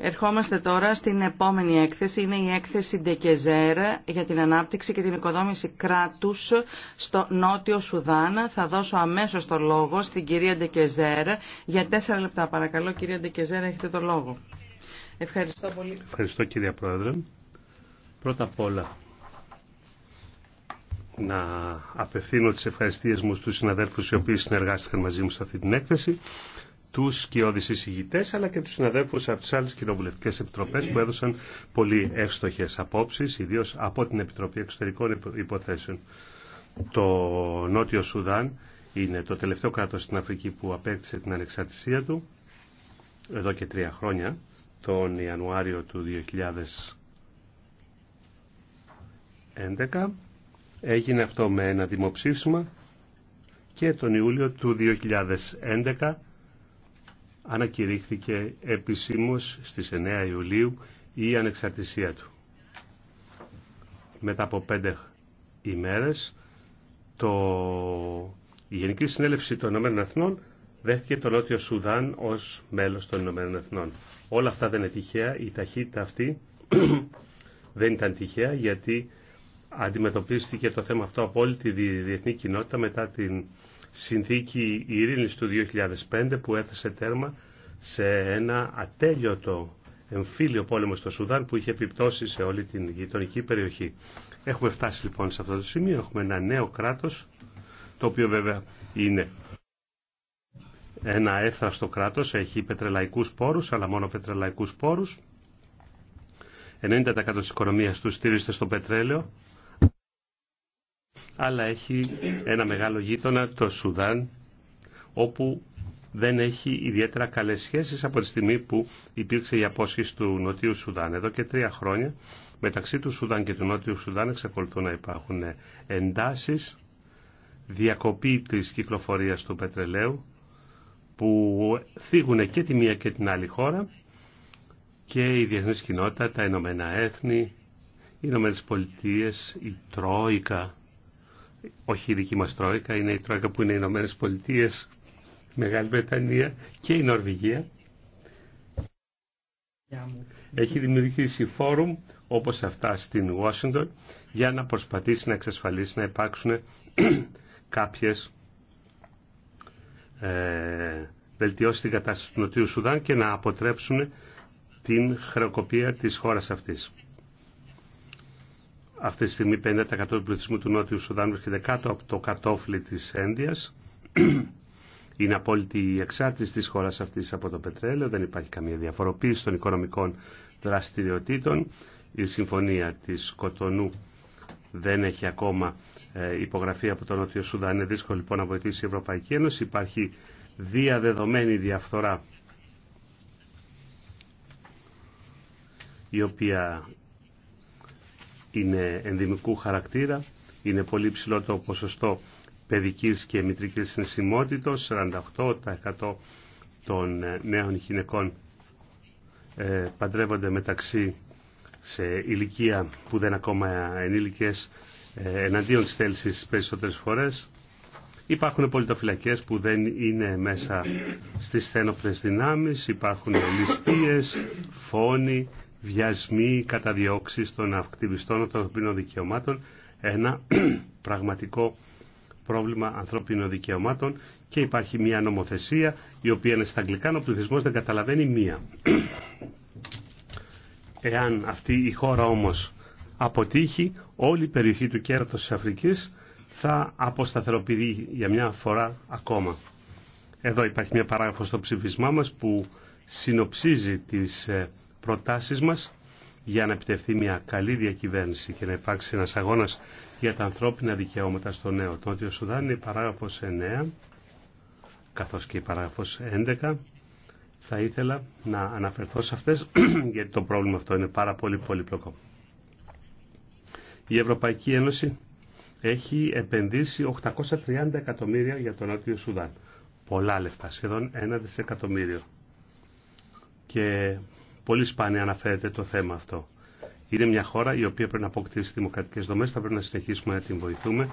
Ερχόμαστε τώρα στην επόμενη έκθεση. Είναι η έκθεση Ντεκεζέρ για την ανάπτυξη και την οικοδόμηση κράτους στο Νότιο Σουδάν. Θα δώσω αμέσως το λόγο στην κυρία Ντεκεζέρ για τέσσερα λεπτά. Παρακαλώ κυρία Ντεκεζέρ έχετε το λόγο. Ευχαριστώ πολύ. Ευχαριστώ κυρία Πρόεδρε. Πρώτα απ' όλα να απευθύνω τις ευχαριστίες μου στους συναδέλφους οι οποίοι συνεργάστηκαν μαζί μου σε αυτή την έκθεση τους σκιώδει εισηγητές αλλά και τους συναδέλφους από τι άλλε κοινοβουλευτικέ επιτροπές που έδωσαν πολύ εύστοχε απόψει, ιδίως από την Επιτροπή Εξωτερικών Υποθέσεων. Το Νότιο Σουδάν είναι το τελευταίο κράτος στην Αφρική που απέκτησε την ανεξαρτησία του εδώ και τρία χρόνια, τον Ιανουάριο του 2011. Έγινε αυτό με ένα δημοψήφισμα και τον Ιούλιο του 2011 ανακηρύχθηκε επισήμως στις 9 Ιουλίου η ανεξαρτησία του. Μετά από πέντε ημέρες, το... η Γενική Συνέλευση των Ηνωμένων Εθνών δέχτηκε τον Νότιο Σουδάν ως μέλος των Ηνωμένων Εθνών. Όλα αυτά δεν είναι τυχαία, η ταχύτητα αυτή δεν ήταν τυχαία γιατί αντιμετωπίστηκε το θέμα αυτό από όλη τη διεθνή κοινότητα μετά την συνθήκη ειρήνης του 2005 που έθεσε τέρμα σε ένα ατέλειωτο εμφύλιο πόλεμο στο Σουδάν που είχε επιπτώσει σε όλη την γειτονική περιοχή. Έχουμε φτάσει λοιπόν σε αυτό το σημείο, έχουμε ένα νέο κράτος, το οποίο βέβαια είναι ένα έφραστο κράτος, έχει πετρελαϊκούς πόρους, αλλά μόνο πετρελαϊκούς πόρους. 90% της οικονομίας του στήριζεται στο πετρέλαιο αλλά έχει ένα μεγάλο γείτονα, το Σουδάν, όπου δεν έχει ιδιαίτερα καλές σχέσεις από τη στιγμή που υπήρξε η απόσχηση του Νοτιού Σουδάν. Εδώ και τρία χρόνια μεταξύ του Σουδάν και του Νότιου Σουδάν εξακολουθούν να υπάρχουν εντάσεις, διακοπή της κυκλοφορίας του πετρελαίου που θίγουν και τη μία και την άλλη χώρα και η διεθνή κοινότητα, τα Ηνωμένα Έθνη, οι Ηνωμένες Πολιτείες, η Τρόικα όχι η δική μας Τρόικα, είναι η Τρόικα που είναι οι Ηνωμένε Πολιτείε, Μεγάλη Βρετανία και η Νορβηγία. Έχει δημιουργήσει φόρουμ όπως αυτά στην Ουάσιντον για να προσπαθήσει να εξασφαλίσει να υπάρξουν κάποιες ε, βελτιώσει την κατάσταση του Νοτιού Σουδάν και να αποτρέψουν την χρεοκοπία της χώρας αυτής. Αυτή τη στιγμή 50% του πληθυσμού του Νότιου Σουδάν βρίσκεται κάτω από το κατόφλι της Ένδειας. Είναι απόλυτη η εξάρτηση της χώρας αυτής από το πετρέλαιο, δεν υπάρχει καμία διαφοροποίηση των οικονομικών δραστηριοτήτων. Η συμφωνία της Κοτονού δεν έχει ακόμα ε, υπογραφεί από τον Νότιο Σουδάν. Είναι δύσκολο λοιπόν να βοηθήσει η Ευρωπαϊκή Ένωση. Υπάρχει διαδεδομένη διαφθορά η οποία είναι ενδημικού χαρακτήρα, είναι πολύ ψηλό το ποσοστό παιδικής και μητρικής συνσημότητος, 48% των ε, νέων γυναικών ε, παντρεύονται μεταξύ σε ηλικία που δεν ακόμα ενήλικες ε, εναντίον της θέλησης περισσότερες φορές. Υπάρχουν πολιτοφυλακές που δεν είναι μέσα στις στένοπλες δυνάμεις, υπάρχουν ληστείες, φόνοι, βιασμοί, καταδιώξεις των ακτιβιστών των ανθρωπίνων δικαιωμάτων, ένα πραγματικό πρόβλημα ανθρώπινων δικαιωμάτων και υπάρχει μια νομοθεσία η οποία είναι στα αγγλικά, ο πληθυσμό δεν καταλαβαίνει μία. Εάν αυτή η χώρα όμως αποτύχει, όλη η περιοχή του κέρατος της Αφρικής θα αποσταθεροποιηθεί για μια φορά ακόμα. Εδώ υπάρχει μια παράγραφο στο ψηφισμά μας που συνοψίζει τις ε, προτάσεις μας για να επιτευχθεί μια καλή διακυβέρνηση και να υπάρξει ένας αγώνας για τα ανθρώπινα δικαιώματα στο νέο. Το Νότιο Σουδάν είναι η παράγραφος 9, καθώς και η παράγραφος 11. Θα ήθελα να αναφερθώ σε αυτές, γιατί το πρόβλημα αυτό είναι πάρα πολύ πολύπλοκο. Η Ευρωπαϊκή Ένωση έχει επενδύσει 830 εκατομμύρια για τον Νότιο Σουδάν. Πολλά λεφτά, σχεδόν ένα δισεκατομμύριο. Και Πολύ σπάνια αναφέρεται το θέμα αυτό. Είναι μια χώρα η οποία πρέπει να αποκτήσει δημοκρατικές δομές, θα πρέπει να συνεχίσουμε να την βοηθούμε,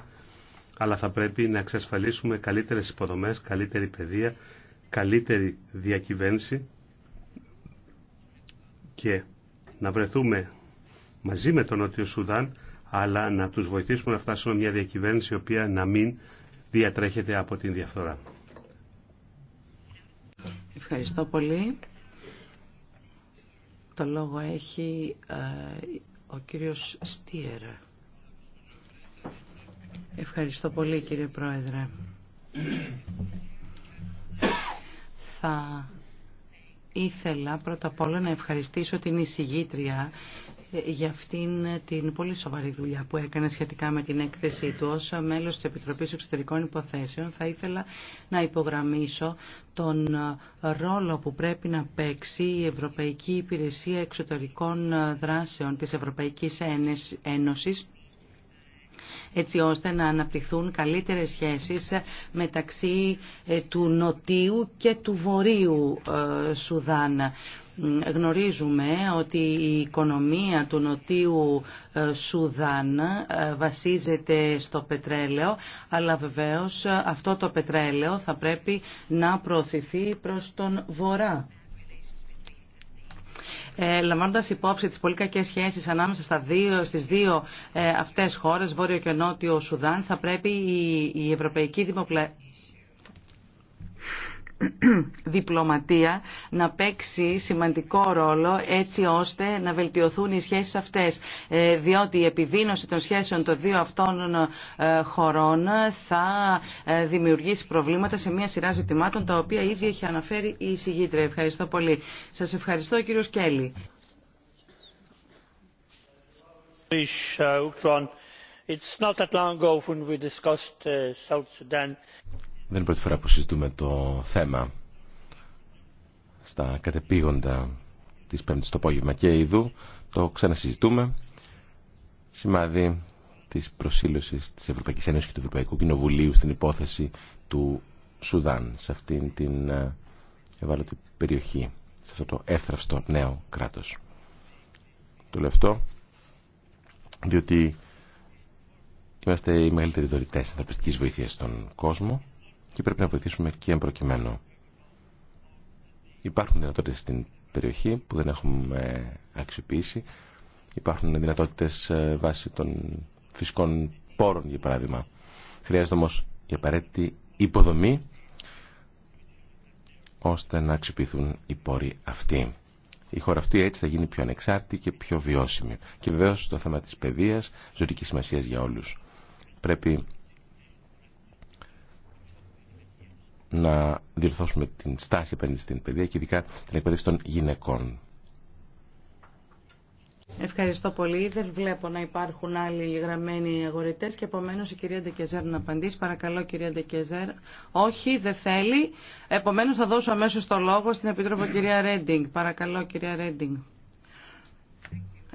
αλλά θα πρέπει να εξασφαλίσουμε καλύτερες υποδομές, καλύτερη παιδεία, καλύτερη διακυβέρνηση και να βρεθούμε μαζί με τον Νότιο Σουδάν, αλλά να τους βοηθήσουμε να φτάσουμε μια διακυβέρνηση η οποία να μην διατρέχεται από την διαφθορά. Ευχαριστώ πολύ. Το λόγο έχει ε, ο κύριος Στίερα. Ευχαριστώ πολύ κύριε Πρόεδρε. Θα ήθελα πρώτα απ' όλα να ευχαριστήσω την εισηγήτρια για αυτήν την πολύ σοβαρή δουλειά που έκανε σχετικά με την έκθεσή του. Ως μέλος της Επιτροπής Εξωτερικών Υποθέσεων θα ήθελα να υπογραμμίσω τον ρόλο που πρέπει να παίξει η Ευρωπαϊκή Υπηρεσία Εξωτερικών Δράσεων της Ευρωπαϊκής Ένωσης έτσι ώστε να αναπτυχθούν καλύτερες σχέσεις μεταξύ ε, του Νοτίου και του Βορείου ε, Σουδάν Γνωρίζουμε ότι η οικονομία του Νοτίου ε, Σουδάν ε, βασίζεται στο πετρέλαιο, αλλά βεβαίως ε, αυτό το πετρέλαιο θα πρέπει να προωθηθεί προς τον Βορρά. Ε, Λαμβάνοντα υπόψη τι πολύ κακέ σχέσει ανάμεσα στα δύο, στις δύο ε, αυτέ χώρε, Βόρειο και Νότιο Σουδάν, θα πρέπει η, Ευρωπαϊκή Δημοπλα... διπλωματία να παίξει σημαντικό ρόλο έτσι ώστε να βελτιωθούν οι σχέσεις αυτές ε, διότι η επιδείνωση των σχέσεων των δύο αυτών ε, χωρών θα ε, δημιουργήσει προβλήματα σε μια σειρά ζητημάτων τα οποία ήδη έχει αναφέρει η συγγήτρια. Ευχαριστώ πολύ. Σας ευχαριστώ κύριο Σκέλη. Uh, it's not that long ago when we discussed uh, South Sudan. Δεν είναι πρώτη φορά που συζητούμε το θέμα στα κατεπήγοντα της πέμπτης το απόγευμα και ειδού το ξανασυζητούμε σημάδι της προσήλωσης της Ευρωπαϊκής Ένωσης και του Ευρωπαϊκού Κοινοβουλίου στην υπόθεση του Σουδάν σε αυτήν την ε, ευάλωτη περιοχή σε αυτό το εύθραυστο νέο κράτος το λέω διότι είμαστε οι μεγαλύτεροι δωρητές ανθρωπιστικής βοήθειας στον κόσμο και πρέπει να βοηθήσουμε και εμπροκειμένο. Υπάρχουν δυνατότητες στην περιοχή που δεν έχουμε αξιοποιήσει. Υπάρχουν δυνατότητες ε, βάσει των φυσικών πόρων, για παράδειγμα. Χρειάζεται όμως η απαραίτητη υποδομή ώστε να αξιοποιηθούν οι πόροι αυτοί. Η χώρα αυτή έτσι θα γίνει πιο ανεξάρτητη και πιο βιώσιμη. Και βεβαίως το θέμα της παιδείας, ζωτική σημασία για όλους. Πρέπει να διορθώσουμε την στάση επένδυση στην παιδεία και ειδικά την εκπαίδευση των γυναικών. Ευχαριστώ πολύ. Δεν βλέπω να υπάρχουν άλλοι γραμμένοι αγορητέ και επομένω η κυρία Ντεκεζέρ να απαντήσει. Παρακαλώ, κυρία Ντεκεζέρ. Όχι, δεν θέλει. Επομένω θα δώσω αμέσω το λόγο στην Επίτροπο κυρία Ρέντινγκ. Παρακαλώ, κυρία Ρέντινγκ.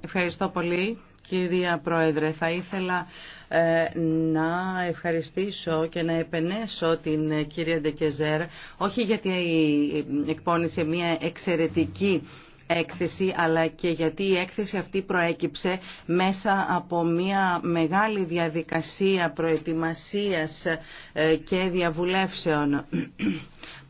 Ευχαριστώ πολύ, κυρία Πρόεδρε. Θα ήθελα ε, να ευχαριστήσω και να επενέσω την κυρία Ντεκεζέρ, όχι γιατί εκπώνησε μια εξαιρετική έκθεση αλλά και γιατί η έκθεση αυτή προέκυψε μέσα από μια μεγάλη διαδικασία προετοιμασίας ε, και διαβουλεύσεων.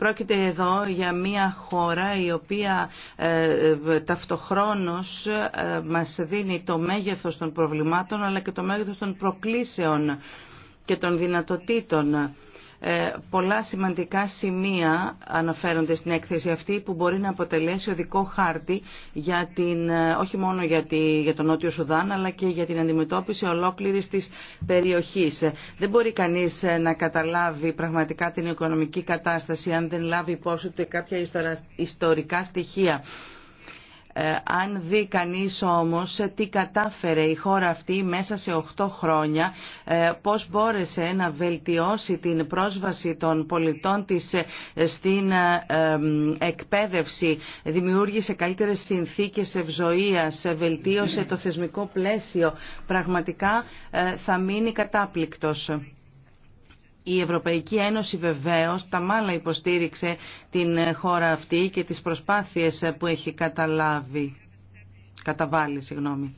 Πρόκειται εδώ για μια χώρα η οποία ε, ε, ταυτοχρόνως ε, μας δίνει το μέγεθος των προβλημάτων αλλά και το μέγεθος των προκλήσεων και των δυνατοτήτων ε, πολλά σημαντικά σημεία αναφέρονται στην έκθεση αυτή που μπορεί να αποτελέσει οδικό χάρτη για την, ε, όχι μόνο για, για τον Νότιο Σουδάν αλλά και για την αντιμετώπιση ολόκληρης της περιοχής. Δεν μπορεί κανείς ε, να καταλάβει πραγματικά την οικονομική κατάσταση αν δεν λάβει υπόψη κάποια ιστορικά στοιχεία ε, αν δει κανείς όμως τι κατάφερε η χώρα αυτή μέσα σε 8 χρόνια, ε, πώς μπόρεσε να βελτιώσει την πρόσβαση των πολιτών της ε, στην εκπαίδευση, δημιούργησε καλύτερες συνθήκες ευζοίας, βελτίωσε το θεσμικό πλαίσιο, πραγματικά θα μείνει κατάπληκτος. Η Ευρωπαϊκή Ένωση βεβαίως τα μάλα υποστήριξε την χώρα αυτή και τις προσπάθειες που έχει καταλάβει, καταβάλει, συγγνώμη.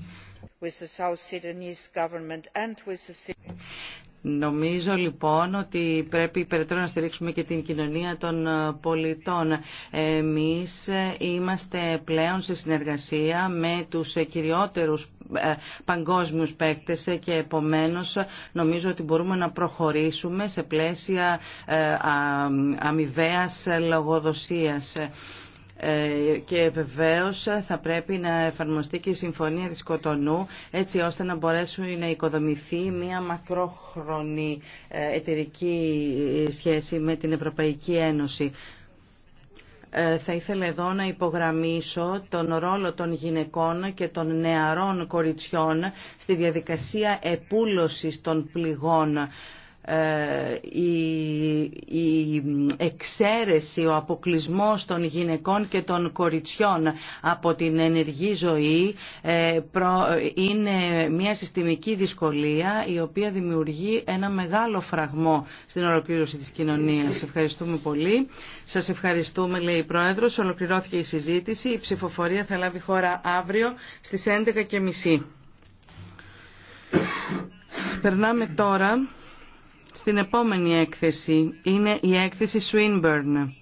Νομίζω λοιπόν ότι πρέπει περαιτέρω να στηρίξουμε και την κοινωνία των ε, πολιτών. Εμείς ε, είμαστε πλέον σε συνεργασία με τους κυριότερους ε, παγκόσμιους παίκτες και επομένως νομίζω ότι μπορούμε να προχωρήσουμε σε πλαίσια αμοιβαίας λογοδοσίας. Ε, και βεβαίως θα πρέπει να εφαρμοστεί και η Συμφωνία της Κοτονού έτσι ώστε να μπορέσουν να οικοδομηθεί μια μακρόχρονη ε, εταιρική ε, σχέση με την Ευρωπαϊκή Ένωση θα ήθελα εδώ να υπογραμμίσω τον ρόλο των γυναικών και των νεαρών κοριτσιών στη διαδικασία επούλωσης των πληγών ε, η εξαίρεση, ο αποκλισμός των γυναικών και των κοριτσιών από την ενεργή ζωή ε, είναι μια συστημική δυσκολία η οποία δημιουργεί ένα μεγάλο φραγμό στην ολοκλήρωση της κοινωνίας. Ευχαριστούμε πολύ. Σας ευχαριστούμε, λέει η Πρόεδρος. Ολοκληρώθηκε η συζήτηση. Η ψηφοφορία θα λάβει χώρα αύριο στις 11.30. Περνάμε τώρα στην επόμενη έκθεση. Είναι η έκθεση Swinburne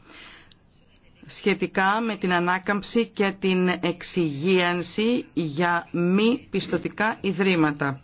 σχετικά με την ανάκαμψη και την εξυγίανση για μη πιστοτικά ιδρύματα.